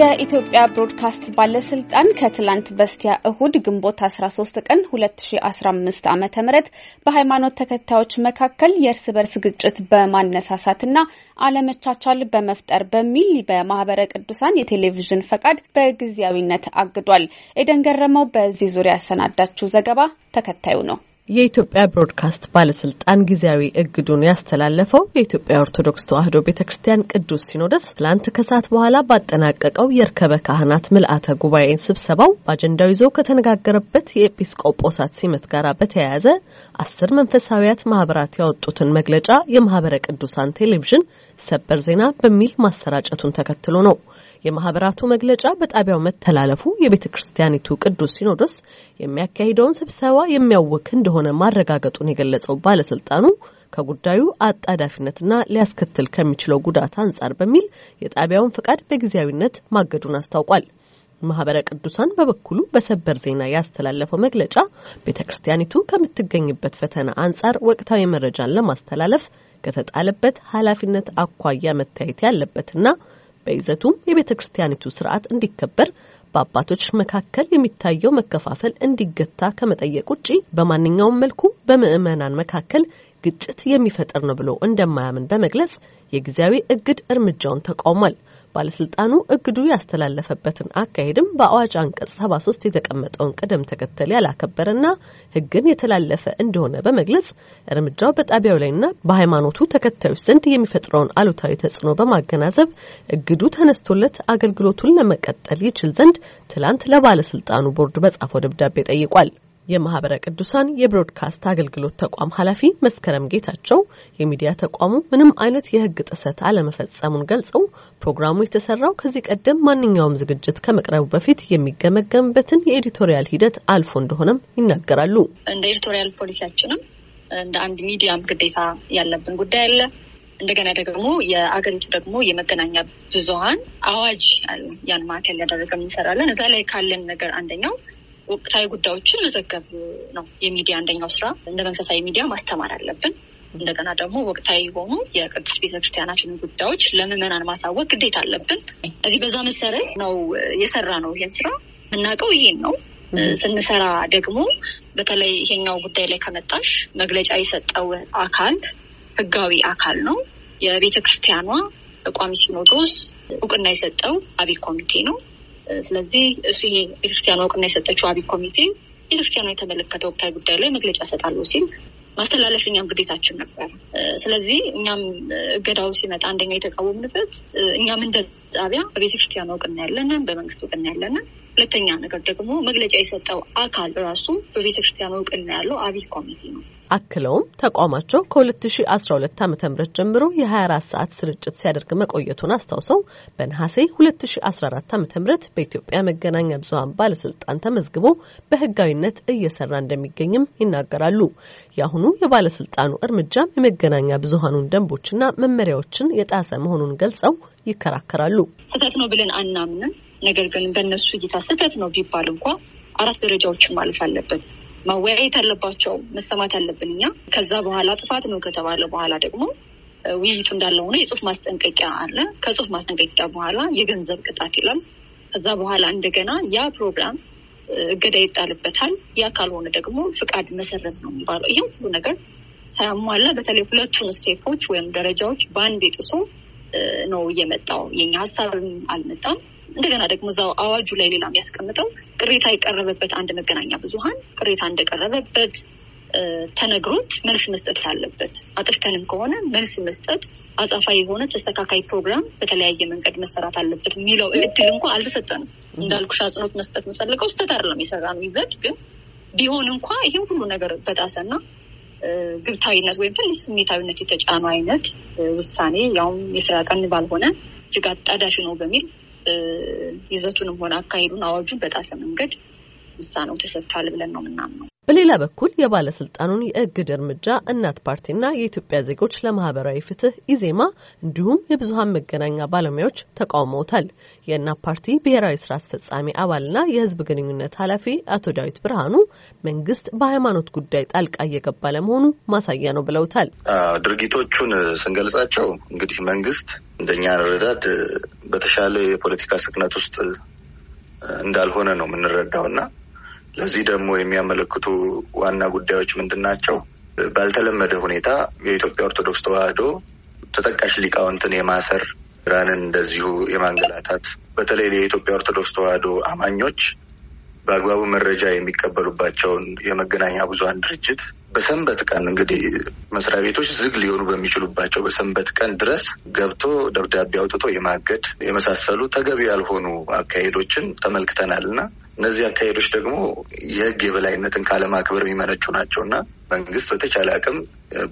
የኢትዮጵያ ብሮድካስት ባለስልጣን ከትላንት በስቲያ እሁድ ግንቦት 13 ቀን 2015 ዓ ም በሃይማኖት ተከታዮች መካከል የእርስ በርስ ግጭት በማነሳሳትና አለመቻቻል በመፍጠር በሚል በማህበረ ቅዱሳን የቴሌቪዥን ፈቃድ በጊዜያዊነት አግዷል። ኤደን ገረመው በዚህ ዙሪያ ያሰናዳችው ዘገባ ተከታዩ ነው። የኢትዮጵያ ብሮድካስት ባለስልጣን ጊዜያዊ እግዱን ያስተላለፈው የኢትዮጵያ ኦርቶዶክስ ተዋሕዶ ቤተ ክርስቲያን ቅዱስ ሲኖዶስ ትላንት ከሰዓት በኋላ ባጠናቀቀው የእርከበ ካህናት ምልአተ ጉባኤ ስብሰባው በአጀንዳው ይዞ ከተነጋገረበት የኤጲስቆጶሳት ሲመት ጋር በተያያዘ አስር መንፈሳዊያት ማህበራት ያወጡትን መግለጫ የማህበረ ቅዱሳን ቴሌቪዥን ሰበር ዜና በሚል ማሰራጨቱን ተከትሎ ነው። የማህበራቱ መግለጫ በጣቢያው መተላለፉ የቤተ ክርስቲያኒቱ ቅዱስ ሲኖዶስ የሚያካሂደውን ስብሰባ የሚያውክ እንደሆነ ማረጋገጡን የገለጸው ባለስልጣኑ ከጉዳዩ አጣዳፊነትና ሊያስከትል ከሚችለው ጉዳት አንጻር በሚል የጣቢያውን ፍቃድ በጊዜያዊነት ማገዱን አስታውቋል። ማህበረ ቅዱሳን በበኩሉ በሰበር ዜና ያስተላለፈው መግለጫ ቤተ ክርስቲያኒቱ ከምትገኝበት ፈተና አንጻር ወቅታዊ መረጃን ለማስተላለፍ ከተጣለበት ኃላፊነት አኳያ መታየት ያለበትና በይዘቱም የቤተ ክርስቲያኒቱ ስርዓት እንዲከበር በአባቶች መካከል የሚታየው መከፋፈል እንዲገታ ከመጠየቅ ውጪ በማንኛውም መልኩ በምዕመናን መካከል ግጭት የሚፈጥር ነው ብሎ እንደማያምን በመግለጽ የጊዜያዊ እግድ እርምጃውን ተቃውሟል። ባለስልጣኑ እግዱ ያስተላለፈበትን አካሄድም በአዋጅ አንቀጽ 73 የተቀመጠውን ቅደም ተከተል ያላከበረና ሕግን የተላለፈ እንደሆነ በመግለጽ እርምጃው በጣቢያው ላይና በሃይማኖቱ ተከታዮች ዘንድ የሚፈጥረውን አሉታዊ ተጽዕኖ በማገናዘብ እግዱ ተነስቶለት አገልግሎቱን ለመቀጠል ይችል ዘንድ ትላንት ለባለስልጣኑ ቦርድ በጻፈው ደብዳቤ ጠይቋል። የማህበረ ቅዱሳን የብሮድካስት አገልግሎት ተቋም ኃላፊ መስከረም ጌታቸው የሚዲያ ተቋሙ ምንም አይነት የህግ ጥሰት አለመፈጸሙን ገልጸው ፕሮግራሙ የተሰራው ከዚህ ቀደም ማንኛውም ዝግጅት ከመቅረቡ በፊት የሚገመገምበትን የኤዲቶሪያል ሂደት አልፎ እንደሆነም ይናገራሉ። እንደ ኤዲቶሪያል ፖሊሲያችንም እንደ አንድ ሚዲያም ግዴታ ያለብን ጉዳይ አለ። እንደገና ደግሞ የአገሪቱ ደግሞ የመገናኛ ብዙሀን አዋጅ ያን ማዕከል ያደረገ እንሰራለን። እዛ ላይ ካለን ነገር አንደኛው ወቅታዊ ጉዳዮችን መዘገብ ነው የሚዲያ አንደኛው ስራ። እንደ መንፈሳዊ ሚዲያ ማስተማር አለብን። እንደገና ደግሞ ወቅታዊ የሆኑ የቅዱስ ቤተክርስቲያናችን ጉዳዮች ለምዕመናን ማሳወቅ ግዴታ አለብን። እዚህ በዛ መሰረት ነው የሰራ ነው ይሄን ስራ የምናውቀው ይሄን ነው ስንሰራ ደግሞ በተለይ ይሄኛው ጉዳይ ላይ ከመጣሽ መግለጫ የሰጠው አካል ህጋዊ አካል ነው። የቤተክርስቲያኗ ክርስቲያኗ ቋሚ ሲኖዶስ እውቅና የሰጠው አቢ ኮሚቴ ነው። ስለዚህ እሱ ቤተክርስቲያኑ እውቅና የሰጠችው አቢ ኮሚቴ ቤተክርስቲያኑ የተመለከተ ወቅታዊ ጉዳይ ላይ መግለጫ ሰጣለሁ ሲል ማስተላለፍ እኛም ግዴታችን ነበር። ስለዚህ እኛም እገዳው ሲመጣ አንደኛ የተቃወምንበት እኛም እንደ ጣቢያ በቤተክርስቲያኑ እውቅና ያለንን፣ በመንግስት እውቅና ያለንን ሁለተኛ ነገር ደግሞ መግለጫ የሰጠው አካል ራሱ በቤተክርስቲያን እውቅና ያለው አብይ ኮሚቴ ነው። አክለውም ተቋማቸው ከ2012 ዓ ም ጀምሮ የ24 ሰዓት ስርጭት ሲያደርግ መቆየቱን አስታውሰው በነሐሴ 2014 ዓ ም በኢትዮጵያ መገናኛ ብዙሀን ባለስልጣን ተመዝግቦ በህጋዊነት እየሰራ እንደሚገኝም ይናገራሉ። የአሁኑ የባለስልጣኑ እርምጃም የመገናኛ ብዙሀኑን ደንቦችና መመሪያዎችን የጣሰ መሆኑን ገልጸው ይከራከራሉ። ስህተት ነው ብለን አናምንም ነገር ግን በእነሱ እይታ ስህተት ነው ቢባል እንኳ አራት ደረጃዎችን ማለፍ አለበት። መወያየት አለባቸው። መሰማት አለብን እኛ። ከዛ በኋላ ጥፋት ነው ከተባለ በኋላ ደግሞ ውይይቱ እንዳለ ሆነ የጽሁፍ ማስጠንቀቂያ አለ። ከጽሁፍ ማስጠንቀቂያ በኋላ የገንዘብ ቅጣት ይላል። ከዛ በኋላ እንደገና ያ ፕሮግራም እገዳ ይጣልበታል። ያ ካልሆነ ደግሞ ፍቃድ መሰረዝ ነው የሚባለው። ይህም ሁሉ ነገር ሳያሟላ በተለይ ሁለቱን ስቴፖች ወይም ደረጃዎች በአንድ የጥሶ ነው እየመጣው። የኛ ሀሳብም አልመጣም እንደገና ደግሞ እዛው አዋጁ ላይ ሌላ የሚያስቀምጠው ቅሬታ የቀረበበት አንድ መገናኛ ብዙሀን ቅሬታ እንደቀረበበት ተነግሮት መልስ መስጠት አለበት። አጥፍተንም ከሆነ መልስ መስጠት አጻፋ የሆነ ተስተካካይ ፕሮግራም በተለያየ መንገድ መሰራት አለበት የሚለው እድል እንኳ አልተሰጠንም። እንዳልኩሽ አጽኖት መስጠት የምፈልገው ስተታር አይደለም የሰራ ነው ይዘት ግን ቢሆን እንኳ ይህም ሁሉ ነገር በጣሰና ግብታዊነት ወይም ትንሽ ስሜታዊነት የተጫኑ አይነት ውሳኔ ያውም የስራ ቀን ባልሆነ እጅግ አጣዳፊ ነው በሚል ይዘቱንም ሆነ አካሄዱን አዋጁን በጣሰ መንገድ ውሳኔው ተሰጥቷል ብለን ነው የምናምነው። በሌላ በኩል የባለስልጣኑን የእግድ እርምጃ እናት ፓርቲና የኢትዮጵያ ዜጎች ለማህበራዊ ፍትህ ኢዜማ እንዲሁም የብዙሀን መገናኛ ባለሙያዎች ተቃውመውታል። የእናት ፓርቲ ብሔራዊ ስራ አስፈጻሚ አባልና የህዝብ ግንኙነት ኃላፊ አቶ ዳዊት ብርሃኑ መንግስት በሃይማኖት ጉዳይ ጣልቃ እየገባ ለመሆኑ ማሳያ ነው ብለውታል። ድርጊቶቹን ስንገልጻቸው እንግዲህ መንግስት እንደኛ ረዳድ በተሻለ የፖለቲካ ስክነት ውስጥ እንዳልሆነ ነው የምንረዳውና ለዚህ ደግሞ የሚያመለክቱ ዋና ጉዳዮች ምንድን ናቸው? ባልተለመደ ሁኔታ የኢትዮጵያ ኦርቶዶክስ ተዋህዶ ተጠቃሽ ሊቃውንትን የማሰር ራንን እንደዚሁ የማንገላታት በተለይ የኢትዮጵያ ኦርቶዶክስ ተዋህዶ አማኞች በአግባቡ መረጃ የሚቀበሉባቸውን የመገናኛ ብዙሀን ድርጅት በሰንበት ቀን እንግዲህ መስሪያ ቤቶች ዝግ ሊሆኑ በሚችሉባቸው በሰንበት ቀን ድረስ ገብቶ ደብዳቤ አውጥቶ የማገድ የመሳሰሉ ተገቢ ያልሆኑ አካሄዶችን ተመልክተናል እና እነዚህ አካሄዶች ደግሞ የህግ የበላይነትን ካለማክበር የሚመነጩ ናቸው እና መንግስት በተቻለ አቅም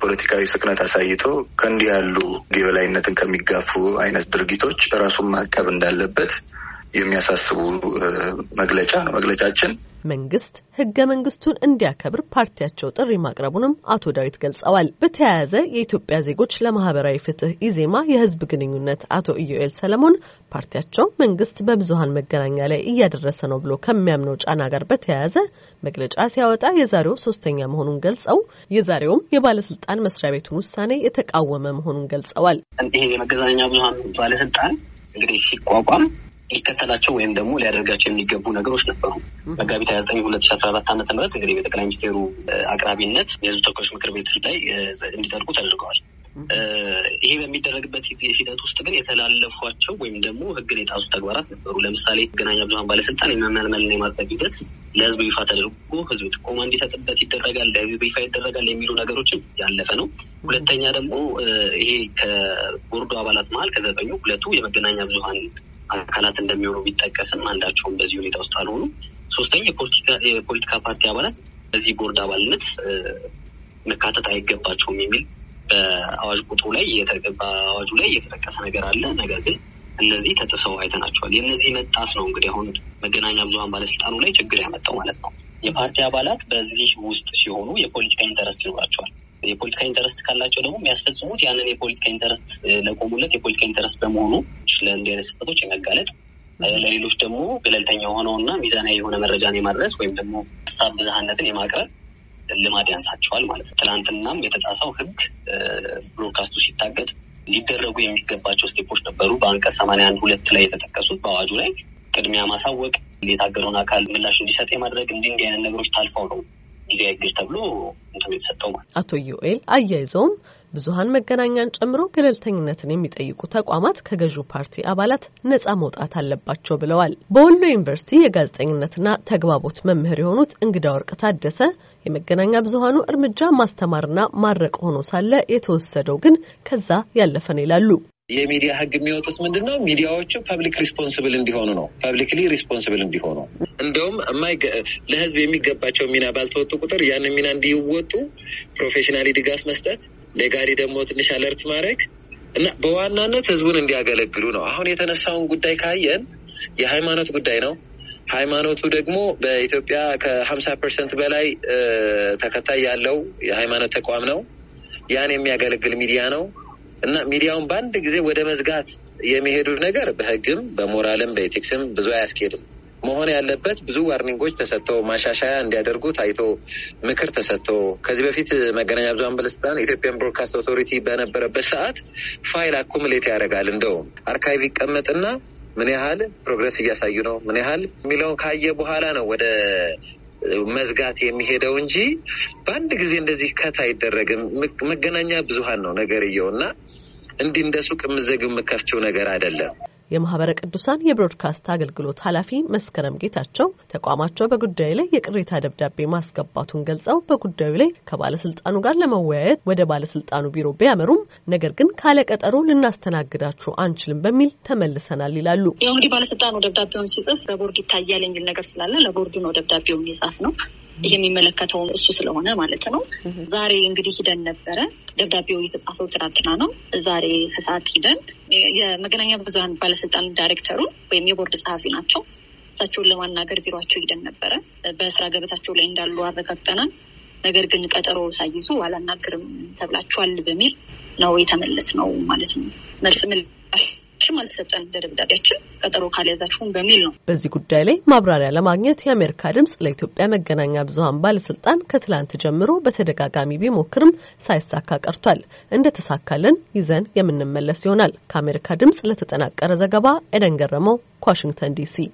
ፖለቲካዊ ስክነት አሳይቶ ከእንዲህ ያሉ የበላይነትን ከሚጋፉ አይነት ድርጊቶች ራሱን ማቀብ እንዳለበት የሚያሳስቡ መግለጫ ነው መግለጫችን። መንግስት ህገ መንግስቱን እንዲያከብር ፓርቲያቸው ጥሪ ማቅረቡንም አቶ ዳዊት ገልጸዋል። በተያያዘ የኢትዮጵያ ዜጎች ለማህበራዊ ፍትህ ኢዜማ የህዝብ ግንኙነት አቶ ኢዮኤል ሰለሞን ፓርቲያቸው መንግስት በብዙሀን መገናኛ ላይ እያደረሰ ነው ብሎ ከሚያምነው ጫና ጋር በተያያዘ መግለጫ ሲያወጣ የዛሬው ሶስተኛ መሆኑን ገልጸው የዛሬውም የባለስልጣን መስሪያ ቤቱን ውሳኔ የተቃወመ መሆኑን ገልጸዋል። ይሄ የመገናኛ ብዙሀን ባለስልጣን እንግዲህ ሲቋቋም ሊከተላቸው ወይም ደግሞ ሊያደርጋቸው የሚገቡ ነገሮች ነበሩ። መጋቢት ሀያ ዘጠኝ ሁለት ሺ አስራ አራት ዓመተ ምህረት እንግዲህ በጠቅላይ ሚኒስቴሩ አቅራቢነት የህዝብ ተወካዮች ምክር ቤት ላይ እንዲጠርቁ ተደርገዋል። ይሄ በሚደረግበት ሂደት ውስጥ ግን የተላለፏቸው ወይም ደግሞ ህግን የጣሱ ተግባራት ነበሩ። ለምሳሌ መገናኛ ብዙሀን ባለስልጣን የመመልመልና የማጽደቅ ሂደት ለህዝብ ይፋ ተደርጎ ህዝብ ጥቆማ እንዲሰጥበት ይደረጋል፣ ለህዝብ ይፋ ይደረጋል የሚሉ ነገሮችም ያለፈ ነው። ሁለተኛ ደግሞ ይሄ ከቦርዱ አባላት መሀል ከዘጠኙ ሁለቱ የመገናኛ ብዙሀን አካላት እንደሚሆኑ ቢጠቀስም አንዳቸውም በዚህ ሁኔታ ውስጥ አልሆኑ። ሶስተኛ የፖለቲካ ፓርቲ አባላት በዚህ ቦርድ አባልነት መካተት አይገባቸውም የሚል በአዋጅ ቁጥሩ ላይ በአዋጁ ላይ የተጠቀሰ ነገር አለ። ነገር ግን እነዚህ ተጥሰው አይተናቸዋል። የእነዚህ መጣስ ነው እንግዲህ አሁን መገናኛ ብዙሀን ባለስልጣኑ ላይ ችግር ያመጣው ማለት ነው። የፓርቲ አባላት በዚህ ውስጥ ሲሆኑ የፖለቲካ ኢንተረስት ይኖራቸዋል። የፖለቲካ ኢንተረስት ካላቸው ደግሞ የሚያስፈጽሙት ያንን የፖለቲካ ኢንተረስት ለቆሙለት የፖለቲካ ኢንተረስት በመሆኑ ለእንዲህ አይነት ስህተቶች የመጋለጥ ለሌሎች ደግሞ ገለልተኛ እና ሚዛናዊ የሆነ መረጃን የማድረስ ወይም ደግሞ ሀሳብ ብዝሃነትን የማቅረብ ልማድ ያንሳቸዋል ማለት ነው። ትላንትናም የተጣሳው ህግ ብሮድካስቱ ሲታገድ ሊደረጉ የሚገባቸው ስቴፖች ነበሩ። በአንቀጽ ሰማንያ አንድ ሁለት ላይ የተጠቀሱት በአዋጁ ላይ ቅድሚያ ማሳወቅ፣ የታገደውን አካል ምላሽ እንዲሰጥ የማድረግ እንዲህ እንዲህ አይነት ነገሮች ታልፈው ነው ጊዜያዊ እግድ ተብሎ እንትኑ የተሰጠው ማለት። አቶ ዮኤል አያይዘውም ብዙሀን መገናኛን ጨምሮ ገለልተኝነትን የሚጠይቁ ተቋማት ከገዢው ፓርቲ አባላት ነጻ መውጣት አለባቸው ብለዋል። በወሎ ዩኒቨርሲቲ የጋዜጠኝነትና ተግባቦት መምህር የሆኑት እንግዳ ወርቅ ታደሰ የመገናኛ ብዙሀኑ እርምጃ ማስተማርና ማድረቅ ሆኖ ሳለ የተወሰደው ግን ከዛ ያለፈን ይላሉ። የሚዲያ ህግ የሚወጡት ምንድን ነው? ሚዲያዎቹ ፐብሊክ ሪስፖንስብል እንዲሆኑ ነው። ፐብሊክሊ ሪስፖንስብል እንዲሆኑ እንደውም ለህዝብ የሚገባቸው ሚና ባልተወጡ ቁጥር ያንን ሚና እንዲወጡ ፕሮፌሽናሊ ድጋፍ መስጠት፣ ሌጋሊ ደግሞ ትንሽ አለርት ማድረግ እና በዋናነት ህዝቡን እንዲያገለግሉ ነው። አሁን የተነሳውን ጉዳይ ካየን የሃይማኖት ጉዳይ ነው። ሃይማኖቱ ደግሞ በኢትዮጵያ ከሀምሳ ፐርሰንት በላይ ተከታይ ያለው የሃይማኖት ተቋም ነው። ያን የሚያገለግል ሚዲያ ነው። እና ሚዲያውን በአንድ ጊዜ ወደ መዝጋት የሚሄዱ ነገር በህግም በሞራልም በኤቲክስም ብዙ አያስኬድም። መሆን ያለበት ብዙ ዋርኒንጎች ተሰጥተው ማሻሻያ እንዲያደርጉ ታይቶ ምክር ተሰጥቶ ከዚህ በፊት መገናኛ ብዙኃን ባለስልጣን ኢትዮጵያን ብሮድካስት ኦቶሪቲ በነበረበት ሰዓት ፋይል አኩምሌት ያደርጋል። እንደውም አርካይቭ ይቀመጥና ምን ያህል ፕሮግረስ እያሳዩ ነው፣ ምን ያህል የሚለውን ካየ በኋላ ነው ወደ መዝጋት የሚሄደው እንጂ በአንድ ጊዜ እንደዚህ ከት አይደረግም። መገናኛ ብዙሀን ነው ነገርየው እና እንዲህ እንደ ሱቅ የምዘግብ የምከፍችው ነገር አይደለም። የማህበረ ቅዱሳን የብሮድካስት አገልግሎት ኃላፊ መስከረም ጌታቸው ተቋማቸው በጉዳዩ ላይ የቅሬታ ደብዳቤ ማስገባቱን ገልጸው በጉዳዩ ላይ ከባለስልጣኑ ጋር ለመወያየት ወደ ባለስልጣኑ ቢሮ ቢያመሩም ነገር ግን ካለቀጠሩ ልናስተናግዳችሁ አንችልም በሚል ተመልሰናል ይላሉ። ያው እንግዲህ ባለስልጣኑ ደብዳቤውን ሲጽፍ በቦርድ ይታያል የሚል ነገር ስላለ ለቦርዱ ነው ደብዳቤውን የጻፍ ነው። የሚመለከተው እሱ ስለሆነ ማለት ነው። ዛሬ እንግዲህ ሂደን ነበረ። ደብዳቤው የተጻፈው ትናንትና ነው። ዛሬ ከሰዓት ሂደን የመገናኛ ብዙኃን ባለስልጣን ዳይሬክተሩ ወይም የቦርድ ጸሐፊ ናቸው እሳቸውን ለማናገር ቢሯቸው ሂደን ነበረ። በስራ ገበታቸው ላይ እንዳሉ አረጋግጠናል። ነገር ግን ቀጠሮ ሳይዙ አላናግርም ተብላችኋል በሚል ነው የተመለስ ነው ማለት ነው መልስ ምላሽም አልተሰጠን ለደብዳቤያችን ቀጠሮ ካልያዛችሁም በሚል ነው። በዚህ ጉዳይ ላይ ማብራሪያ ለማግኘት የአሜሪካ ድምጽ ለኢትዮጵያ መገናኛ ብዙኃን ባለስልጣን ከትላንት ጀምሮ በተደጋጋሚ ቢሞክርም ሳይሳካ ቀርቷል። እንደተሳካልን ይዘን የምንመለስ ይሆናል። ከአሜሪካ ድምጽ ለተጠናቀረ ዘገባ ኤደን ገረመው ከዋሽንግተን ዲሲ